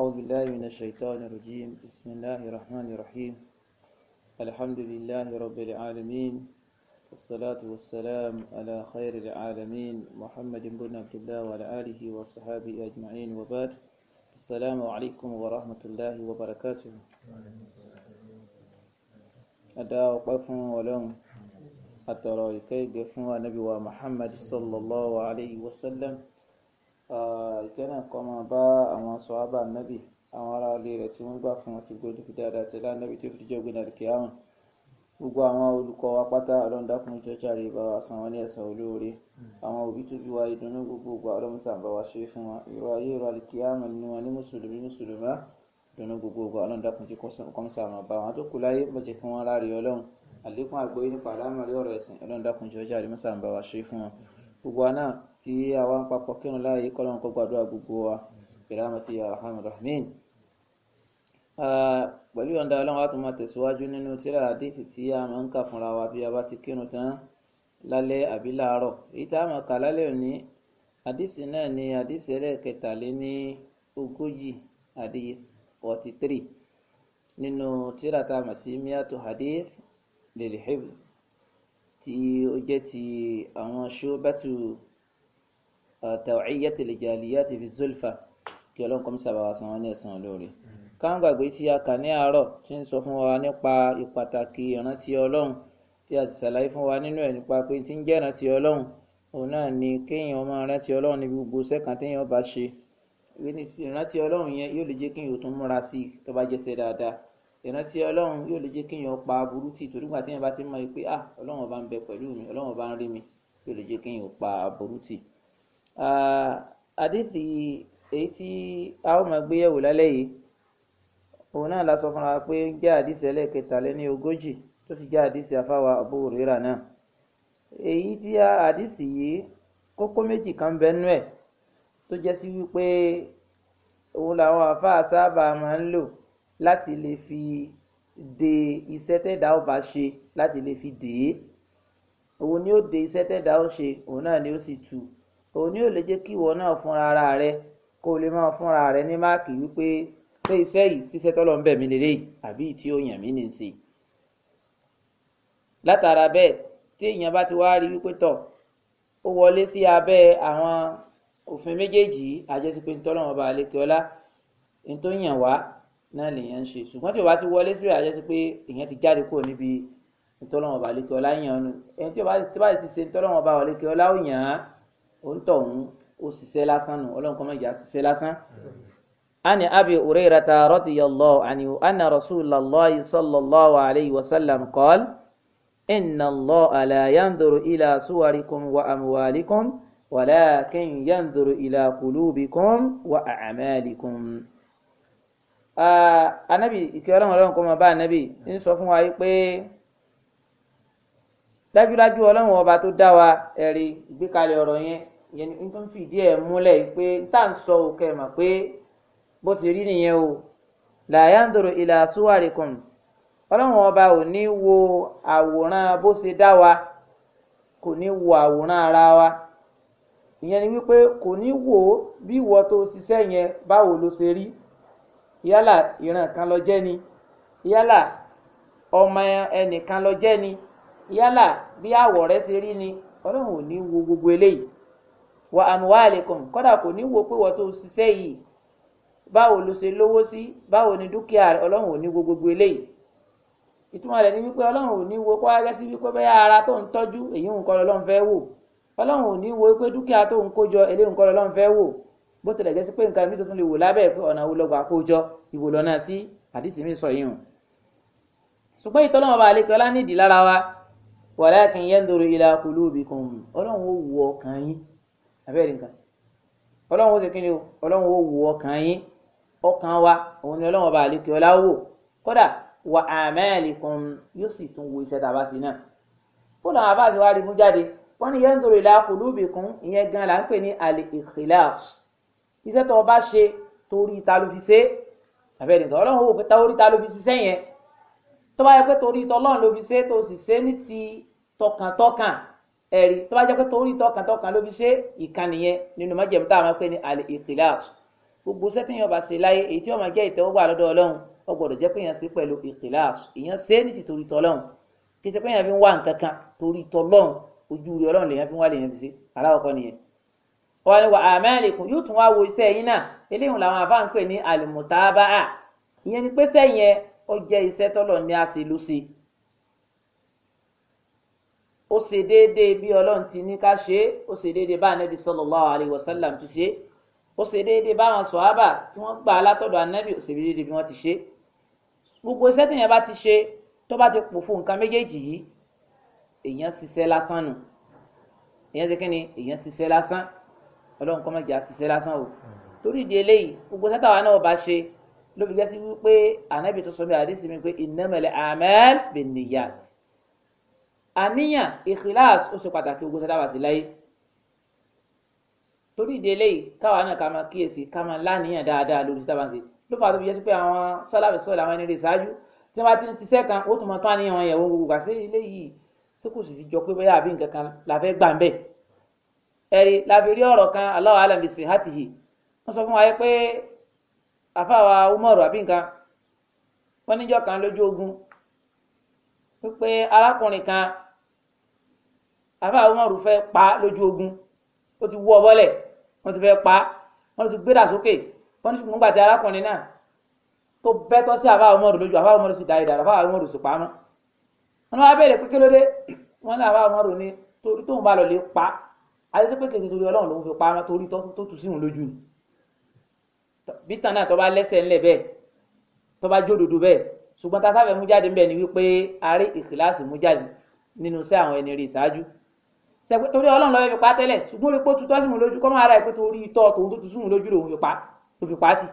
أعوذ بالله من الشيطان الرجيم بسم الله الرحمن الرحيم الحمد لله رب العالمين والصلاة والسلام على خير العالمين محمد بن عبد الله وعلى آله وصحابه أجمعين وبعد السلام عليكم ورحمة الله وبركاته أدعى قف ولوم أترى كي نبي محمد ومحمد صلى الله عليه وسلم ìkẹ́nà kọ́ máa bá àwọn sọ̀hábà nábì àwọn ará ilé rẹ̀ tí wọ́n gbà fún wọn ti gbódú fi dáadáa tẹ̀lé ànábì tí ó fi jẹ́ ògbé náà kí àwọn gbogbo àwọn olùkọ́ wa pátá ọlọ́ndàkùn ìjọjà rè bá wa san wọn ní ẹ̀san olóore àwọn òbí tó bí wa ìdùnnú gbogbo ìgbà ọlọ́mùsà bá wa ṣe fún wa ìrọ̀ ayé ìrọ̀ àlìkí àmọ̀ ni wọn ní mùsùlùmí mùsùlùmá ìdùnnú gbogbo tí àwa ń papọ̀ kírun láàyè kọ́lọ́n kó gbàdúrà gbogbo wa ìrámọ̀tì alhamdu rahman. pẹ̀lú ọ̀dà ọlọ́run àtúntò máa tẹ̀síwájú nínú tíra àdéhìí tí a máa ń kà fúnra wa bí a bá ti kírun tán lálẹ́ àbí láàárọ̀ èyí tá a máa kà lálẹ́ òní àdéhìí náà ni àdéhìí ẹlẹ́ẹ̀kẹtàléní ogójì àdéhìí forty three nínú tíra tá a mọ̀ sí miato hadith lèlè tí ó jẹ́ ti àwọn ṣó bẹ́tù tawciyyati lijaliyati fi zulfa kí ọlọ́run kọ́ mi sábà wá san wọn ní ẹ̀san olóore káńgbàgbé tí a kà ní àárọ̀ tí ń sọ fún wa nípa ìpàtàkì ìrántí ọlọ́run tí a ti ṣàlàyé fún wa nínú ẹ̀ nípa pé tí ń jẹ́ ìrántí ọlọ́run òun náà ni kéèyàn máa rántí ọlọ́run ní gbogbo sẹ́kàn téèyàn bá ṣe ìrántí ọlọ́run yẹn yóò lè jẹ́ kéèyàn tún múra sí i tó bá jẹ́sẹ̀ dáadáa ìrántí ọlọ́run yóò lè jẹ́ kéèyàn pa aburú tì torí gbà téèyàn bá ti mọ̀ pé ah ọlọ́run ọba ń bẹ pẹ̀lú mi ọlọ́run ọba ń rí mi yóò lè jẹ́ kéèyàn pa aburú tì àdìsí èyí tí a ó máa gbéyẹ̀wò lálẹ́ yìí òun náà la sọ fúnra pé ń jẹ́ àdìsí ẹlẹ́ẹ̀kẹtàléní ogójì tó sì jẹ́ àdìsí afáwa Abu Huraira náà èyí tí àdìsí yìí kókó méjì kan bẹ nú ẹ̀ tó jẹ́ sí wípé òun làwọn àfáà sábà máa ń lò láti lè fi de iṣẹ́ tẹ́dá ó bá ṣe láti lè fi dè é òun ni ó de iṣẹ́ tẹ́dá ó ṣe òun náà ni ó sì tù ú òun ni ó lè jẹ kí ìwọ náà fúnra rẹ kó o lè máa fúnra rẹ ní máàkì wípé ṣé iṣẹ́ yìí ṣiṣẹ́ tọlọ ń bẹ mí lélẹyìí àbí tí ó yàn mí ní í ṣe látara bẹ́ẹ̀ tí èèyàn bá ti wá rí wípé tọ ó wọlé sí abẹ́ àwọn òfin méjèèjì àjẹsípé ntọ́lọ́wọ́n bá lékè ọlá ní tó yàn wá náà lèèyàn ń ṣe ṣùgbọ́n tí o bá ti wọlé síbẹ̀ àjẹsípé èèyàn ti jáde kúrò níbi ntọ́lọ́wọ́n bá lékè ọlá ẹni tí o bá ti ṣe ntọ́lọ́wọ́n bá lékè yàn án òǹtọ̀hún ó ṣiṣẹ́ lásán nù ọlọ́run kọ́ mọ̀jà ṣiṣẹ́ lásán. ani abi hurayrata radiyallahu anhu anna rasulallahi sallallahu alayhi wa sallam qala inna allaha la yanzuru ila suwarikum wa amwalikum walakin yanzuru ila qulubikum wa a'malikum. anabi ah, ìkẹ́ ọlọ́run ọlọ́run kọ́ mọ̀ bá anabi ń sọ fún wa yìí pé. dájúdájú ọlọ́run ọba tó dá wa ẹ̀rí ìgbékalẹ̀ ọ̀rọ̀ yẹn ìyẹn ní tó ń fìdí ẹ̀ múlẹ̀ pé tá à ń sọ òkè mọ̀ pé bó ti rí nìyẹn o la yanduru ila suwarikum ọlọ́run ọba ò ní wo àwòrán bó ṣe dá wa kò ní wo àwòrán ara wa ìyẹn ni wípé kò ní wo bí ìwọ tó ṣiṣẹ́ yẹn báwo ló ṣe rí yálà ìran kan ló jẹ́ ni yálà ọmọ ẹnìkan ló jẹ́ ni. yálà bí àwọ̀ rẹ ṣe rí ni ọlọ́run ò ní wo gbogbo eléyìí wà àmúwá àlekàn kódà kò ní wo pé wọ́n tó ṣiṣẹ́ yìí báwo ló ṣe lówó sí báwo ni dúkìá ọlọ́run ò ní wo gbogbo eléyìí ìtumọ̀ rẹ̀ ni wípé ọlọ́run ò ní wo kó wáyé sí wípé bẹ́ẹ̀ ara tó ń tọ́jú èyí ń kọ́ lọ́n fẹ́ wò ọlọ́run ò ní wo pé dúkìá tó ń kójọ eléyìí ń kọ́ lọ́n fẹ́ wò bó tilẹ̀ jẹ́ sí pé nǹkan nítorí lè wò lábẹ́ pé ọ̀nà wo lọ́gbà kójọ ìwò lọ́nà sí àdìsí mi sọ yìí hàn ṣùgbọ́n ìtọ́lọ́mọba àlekọ́lá nídìí lára wa walakin yanzuru ila qulubikum ọlọ́run ó wò ọkàn yín abẹ́rẹ́ nǹkan ọlọ́run ó ṣe kí ni o ọlọ́run ó wò ọkàn yín ọkàn wa òun ni ọlọ́run ọba àlekè ọlá wò kódà wà a'malikum yóò sì tún wo iṣẹ́ tàbá sí náà fún àwọn abáàdì wa rí mú jáde wọn ní yanzuru ila qulubikum ìyẹn gan la ń pè ní al-ikhlas iṣẹ́ tó o bá ṣe torí ta ló fi ṣe é àbẹ̀rẹ̀ nǹkan ọlọ́run ò fi ta orí ta ló fi ṣiṣẹ́ yẹn tó bá yẹ pé torí tọlọ́run ló fi ṣe é tó sì ṣe é ní ti tọkàntọkàn ẹ̀rí tó bá jẹ́ pé torí tọkàntọkàn ló fi ṣe ìkànnì yẹn nínú májèmú tá a máa pè ní àlè ìkìláàs gbogbo sẹ́tìyàn bá ṣe láyé èyí tí wọ́n máa jẹ́ ìtẹ́wọ́gbà lọ́dọ̀ ọlọ́run ó gbọ́dọ̀ jẹ́ pé èèyàn ṣe pẹ̀lú ìkìláàs èèyàn ṣe é ní ti torí tọlọ́run kì í ṣe pé èèyàn fi ń wá nǹkan kan torí tọlọ́run ojú rẹ ọlọ́run lèèyàn fi ń wá lèèyàn ó ṣe déédéé bí ọlọ́run ti ní ká ṣe é ó ṣe déédéé bá anabi sallallahu alaihi wasallam ti ṣe é ó ṣe déédéé báwọn sọ̀hábà tí wọ́n gbà látọ̀dọ̀ anabi ó ṣe déédéé bí wọ́n ti ṣe é gbogbo iṣẹ́ tí èèyàn bá ti ṣe tó bá ti pò fún nǹkan méjèèjì yìí èèyàn ṣiṣẹ́ lásán nù èèyàn ṣe kíni èèyàn ṣiṣẹ́ lásán ọlọ́run kọ́ mọ̀jà ṣiṣẹ́ lásán o torí ìdí eléyìí gbogbo iṣẹ́ táwa náà bá ṣe ló fi gẹ́sí wípé anabi tó sọ bí àdìsí mi pé innamal a'mal binniyat àníyàn ìkìláàsì ó ṣe pàtàkì ogun tẹ́lá wà sí láyé torí ìdí eléyìí káwa náà ká máa kíyèsí ká máa láníyàn dáadáa lórí tẹ́lá wà sí ló fà á tó fi jẹ́ sí pé àwọn sálàfì sọ̀rọ̀ àwọn ẹni rè ṣáájú tí wọ́n bá ti ń ṣiṣẹ́ kan ó tún máa tán àníyàn yẹ̀wò gbogbo gbà ilé yìí tí kò sì fi jọ pé bóyá àbí nǹkan kan la fẹ́ gbà ń bẹ̀ ẹ̀rí la fi rí ọ̀rọ̀ kan Allahu a'lam bisihatihi wọ́n sọ fún wa pé àfàwà umaru àbí nǹkan wọ́n níjọ́ kan lójú ogun wípé arákùnrin kan àfa umaru fẹ́ pa lójú ogun ó ti wọ bọ́lẹ̀ wọ́n ti fẹ́ pa wọ́n ti gbéra sókè wọ́n ti gbàtí arákùnrin náà tó bẹ́tọ́ sí àfa umaru lójú àfa umaru sì dá ìdàrà àfa umaru sì pa mọ́ wọn wá bẹ̀rẹ̀ pé kílódé wọn ní àfa umaru ni torí tóun bá lọ lè pa àti pé kèké torí ọlọ́run lòun fi pa mọ́ torí tó tù síhun lójú ni bí tàn náà tó bá lẹ́sẹ̀ ńlẹ̀ bẹ́ẹ̀ tó bá jódodo bẹ́ẹ̀ ṣùgbọ́n tá a sáfẹ́ mú jáde ńbẹ̀ ni wípé a rí ìkìláàsì mú jáde nínú iṣẹ́ àwọn ẹni rí ìṣáájú sẹpẹ torí Ọlọ́run lọọ fi pa tẹ́lẹ̀ ṣùgbọ́n orí pé tutọ́ sí mi lójú kọ́ máa ra ìpè torí itọ́ tòun tó tutù sí mi lójú lòun fi pa tó fi pa tì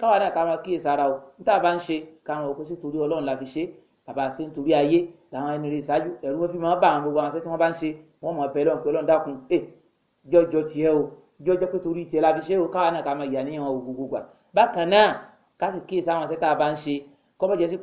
káwa náà ká máa kíyè sára o níta bá ń ṣe káwọn òkú sí torí Ọlọ́run la fi ṣe bàbá ṣe ń torí ayé làwọn ẹni rè ṣáájú ẹrú wọn fi máa bá àwọn gbogbo àwọn ṣe wọn bá ń ṣe wọn mọ bẹ́ẹ̀ lọhùn pé Ọlọ́run dákun ẹ jọjọ tiẹ o jọjọ pé torí tiẹ la fi ṣe o káwa náà ká máa yà níyàn o gbogbo gbà bákan náà ká sì kíyè sáwọn ṣe tá a bá ń ṣe kọ́mọ̀jẹ́sí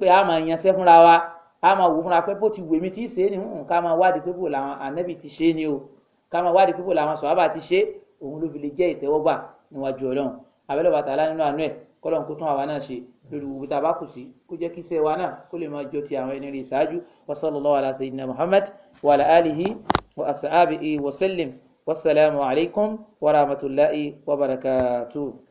a máa wò múra pé bó ti wèmí tí í ṣe é ní nǹkan ká máa wádìí pé bò làwọn ànábì ti ṣe é ní o ká máa wádìí pé bò làwọn sọ̀rọ̀ ti ṣe òun ló fi lè jẹ́ ìtẹ́wọ́gbà níwájú ọlọ́run abẹ́lẹ́ bàtà alá nínú àánú ẹ̀ kọ́lọ́n kó tún àwa náà ṣe lórí gbogbo tá a bá kù sí kó jẹ́ kí iṣẹ́ wa náà kó lè máa jọ ti àwọn ẹni rí ìṣáájú wa wa ala wa ashabihi